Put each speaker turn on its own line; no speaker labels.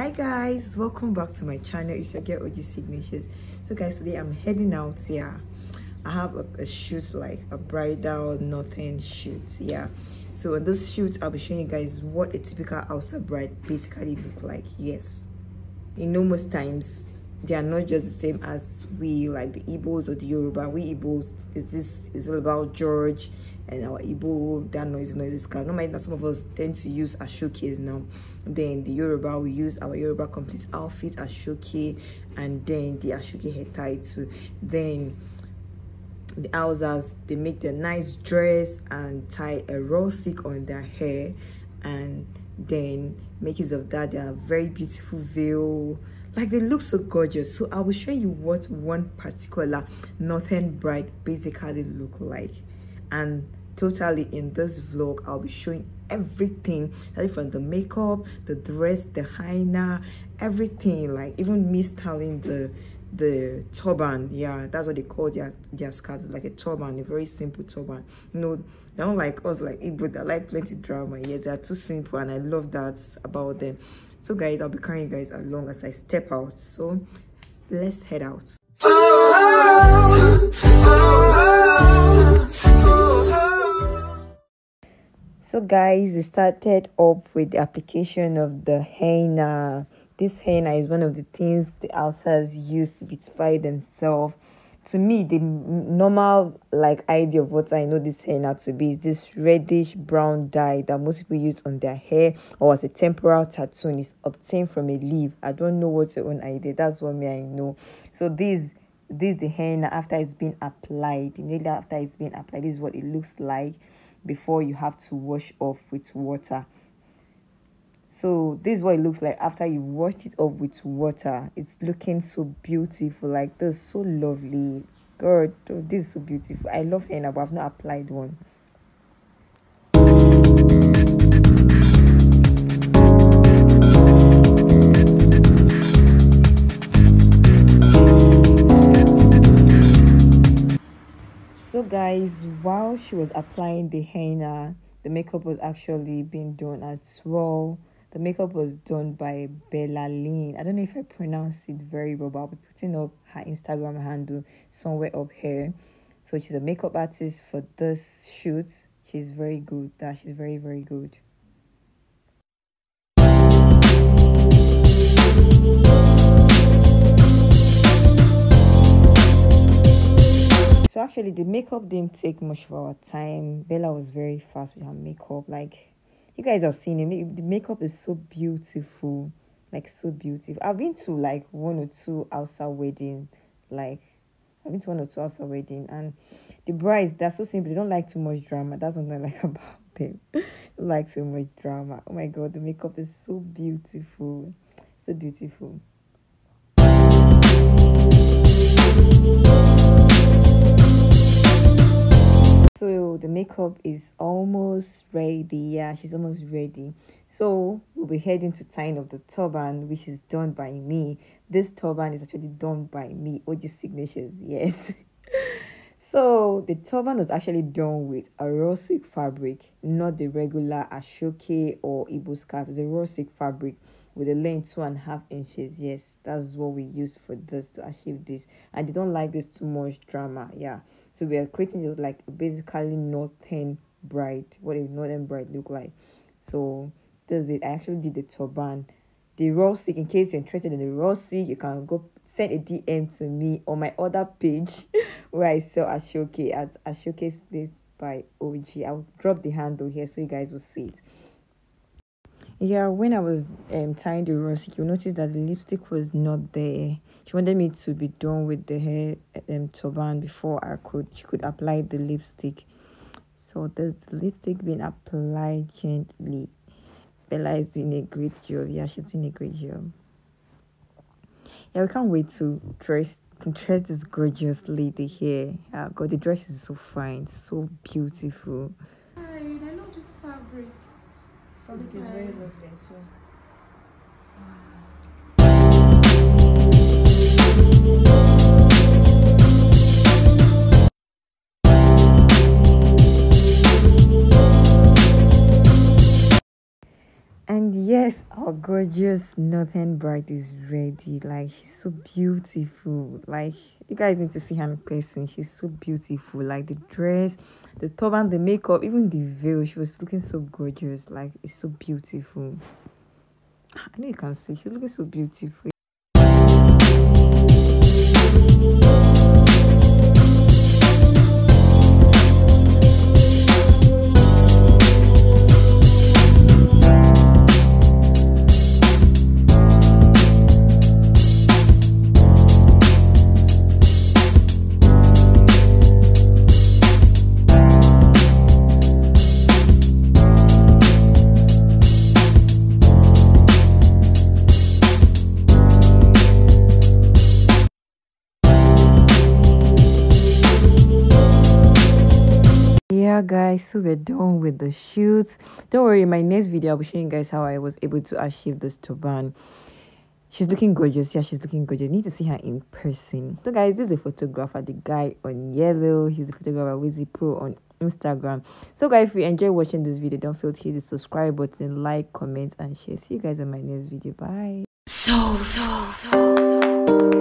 hi guys welcome back to my channel it's your girl og signatures so guys today i'm heading out yeah i have a, a shoot like a bridal nothing shoot yeah so in this shoot i'll be showing you guys what a typical outside bride basically look like yes in most times they are not just the same as we like the Igbos or the Yoruba. We Igbos is this is all about George and our Igbo that noise noises car. No matter that some of us tend to use a showcase now. Then the Yoruba we use our Yoruba complete outfit showcase, and then the Ashoke head tie too. Then the Hausas they make their nice dress and tie a rosik on their hair and then makers of that they are very beautiful veil like they look so gorgeous so i will show you what one particular northern bride basically look like and totally in this vlog i'll be showing everything from the makeup the dress the hyena everything like even me styling the the turban yeah that's what they call their their scarves like a turban a very simple turban you know they don't like us like Igbo, they like plenty drama yes they are too simple and i love that about them so guys i'll be carrying you guys along as i step out so let's head out so guys we started up with the application of the henna this henna is one of the things the outsiders use to beautify themselves to me the normal like idea of what i know this henna to be is this reddish brown dye that most people use on their hair or as a temporal tattoo is obtained from a leaf i don't know what's your own idea that's what me i know so this this the henna after it's been applied immediately after it's been applied this is what it looks like before you have to wash off with water so this is what it looks like after you wash it up with water it's looking so beautiful like this so lovely god oh, this is so beautiful i love henna but i've not applied one so guys while she was applying the henna the makeup was actually being done as well the makeup was done by Bella Lynn. I don't know if I pronounced it very well, but I'll be putting up her Instagram handle somewhere up here. So she's a makeup artist for this shoot. She's very good. That she's very very good. So actually the makeup didn't take much of our time. Bella was very fast with her makeup. Like you guys have seen it. The makeup is so beautiful, like so beautiful. I've been to like one or two outside wedding, like I've been to one or two outside wedding, and the brides they're so simple. They don't like too much drama. That's what I like about them. like so much drama. Oh my god, the makeup is so beautiful, so beautiful. makeup is almost ready yeah she's almost ready so we'll be heading to tying of the turban which is done by me this turban is actually done by me OG signatures yes so the turban was actually done with a raw silk fabric not the regular ashoke or ibu scarf it's a raw silk fabric with a length two and a half inches yes that's what we used for this to achieve this i didn't like this too much drama yeah so we are creating just like basically northern bride, what a northern bride look like. So does it. I actually did the turban. The raw seek in case you're interested in the raw seek, you can go send a DM to me on my other page where I sell Ashoke at Ashoke Place by OG. I'll drop the handle here so you guys will see it yeah when i was um tying the rose, you noticed that the lipstick was not there she wanted me to be done with the hair um turban before i could she could apply the lipstick so there's the lipstick being applied gently bella is doing a great job yeah she's doing a great job yeah we can't wait to dress to dress this gorgeous lady here uh, god the dress is so fine so beautiful and yes, our oh gorgeous Northern Bride is ready. Like, she's so beautiful. Like, you guys need to see her in person. She's so beautiful. Like, the dress, the turban, the makeup, even the veil. She was looking so gorgeous. Like, it's so beautiful. I know you can see. She's looking so beautiful. yeah guys so we're done with the shoots don't worry my next video i'll be showing you guys how i was able to achieve this turban she's looking gorgeous yeah she's looking gorgeous you need to see her in person so guys this is a photographer the guy on yellow he's a photographer wizzy pro on instagram so guys if you enjoy watching this video don't forget to hit the subscribe button like comment and share see you guys in my next video bye so, so, so.